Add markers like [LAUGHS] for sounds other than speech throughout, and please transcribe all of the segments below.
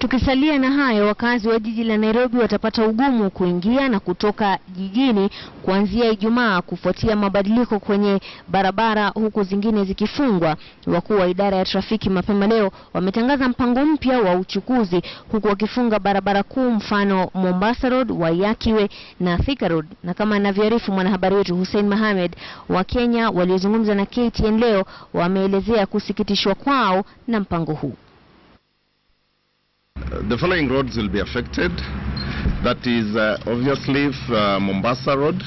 Tukisalia na hayo, wakazi wa jiji la Nairobi watapata ugumu kuingia na kutoka jijini kuanzia Ijumaa kufuatia mabadiliko kwenye barabara huku zingine zikifungwa. Wakuu wa idara ya trafiki mapema leo wametangaza mpango mpya wa uchukuzi huku wakifunga barabara kuu mfano Mombasa Road, Wayakiwe na Thika Road. Na kama anavyoarifu mwanahabari wetu Hussein Mohamed, kenya waliozungumza na KTN leo wameelezea kusikitishwa kwao na mpango huu the following roads will be affected. That is uh, obviously uh, Mombasa Road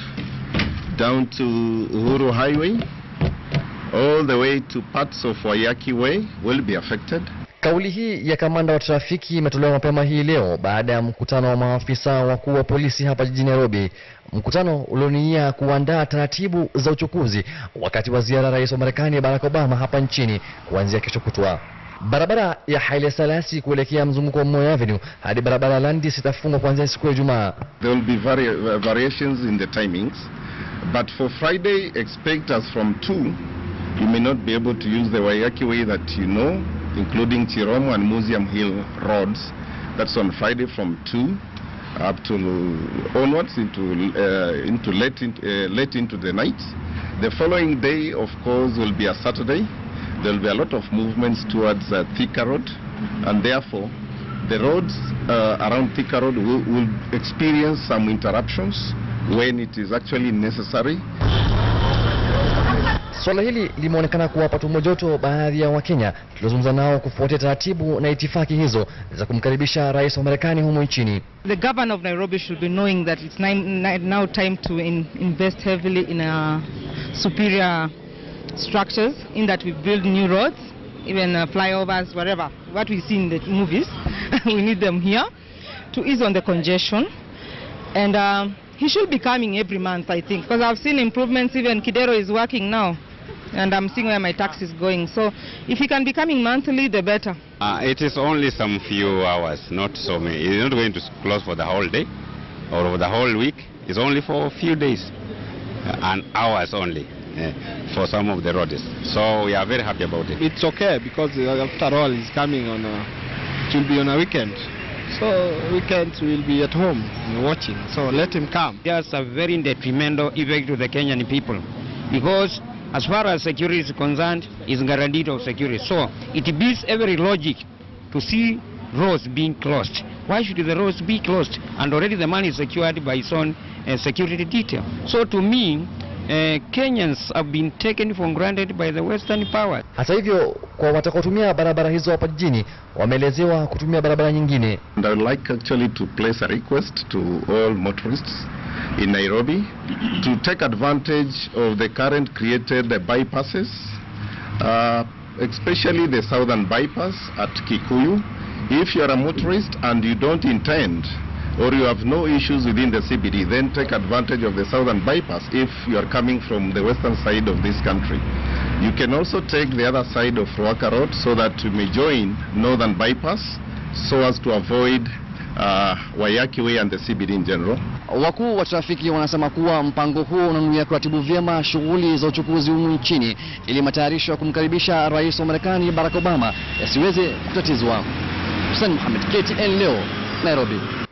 down to Uhuru Highway, all the way to parts of Wayaki Way will be affected. Kauli hii ya kamanda wa trafiki imetolewa mapema hii leo baada ya mkutano wa maafisa wakuu wa polisi hapa jijini Nairobi, mkutano ulionia kuandaa taratibu za uchukuzi wakati wa ziara rais wa Marekani Barack Obama hapa nchini kuanzia kesho kutwa. Barabara ya Haile Salasi kuelekea mzunguko wa Moi Avenue hadi barabara ya Landis itafungwa kuanzia siku ya Ijumaa. There will be vari uh, variations in the timings but for Friday expect us from 2 you may not be able to use the Waiyaki way that you know including Chiromo and Museum Hill roads that's on Friday from 2 up to onwards into uh, into late in, uh, late into the night the following day of course will be a Saturday there will be a lot of movements towards uh, Thika Road, and therefore the roads uh, around Thika Road will, will experience some interruptions when it is actually necessary. Swala hili limeonekana kuwapa tumbo joto baadhi ya Wakenya tuliozungumza nao kufuatia taratibu na itifaki hizo za kumkaribisha rais wa Marekani humo nchini. The governor of Nairobi should be knowing that it's now time to invest heavily in a superior structures in that we build new roads, even uh, flyovers, whatever. What we see in the movies, [LAUGHS] we need them here to ease on the congestion. And um, he should be coming every month, I think, because I've seen improvements. Even Kidero is working now, and I'm seeing where my tax is going. So if he can be coming monthly, the better. Uh, it is only some few hours, not so many. It's not going to close for the whole day or over the whole week. It's only for a few days uh, and hours only uh, for some of the roads. So we are very happy about it. It's okay because uh, after all, it's coming on. A, it will be on a weekend. So weekends we'll be at home watching. So let him come. There's a very detrimental effect to the Kenyan people because as far as security is concerned, it's guaranteed of security. So it beats every logic to see roads being closed. Why should the roads be closed? And already the man is secured by his own uh, security detail. So to me, Uh, Kenyans have been taken for granted by the western powers. Hata hivyo kwa watakaotumia barabara hizo hapa jijini wameelezewa kutumia barabara nyingine. And I would like actually to place a request to all motorists in Nairobi to take advantage of the current created bypasses uh, especially the southern bypass at Kikuyu if you are a motorist and you don't intend or you have no issues within the CBD, then take advantage of the southern bypass if you are coming from the western side of this country. You can also take the other side of Ruaka Road so that you may join northern bypass so as to avoid uh, Wayaki Way and the CBD in general. Wakuu wa trafiki wanasema kuwa mpango huo unanuia kuratibu vyema shughuli za uchukuzi humu nchini ili matayarisho ya kumkaribisha rais wa Marekani Barack Obama yasiweze kutatizwa. Hussein Mohamed, KTN leo, Nairobi.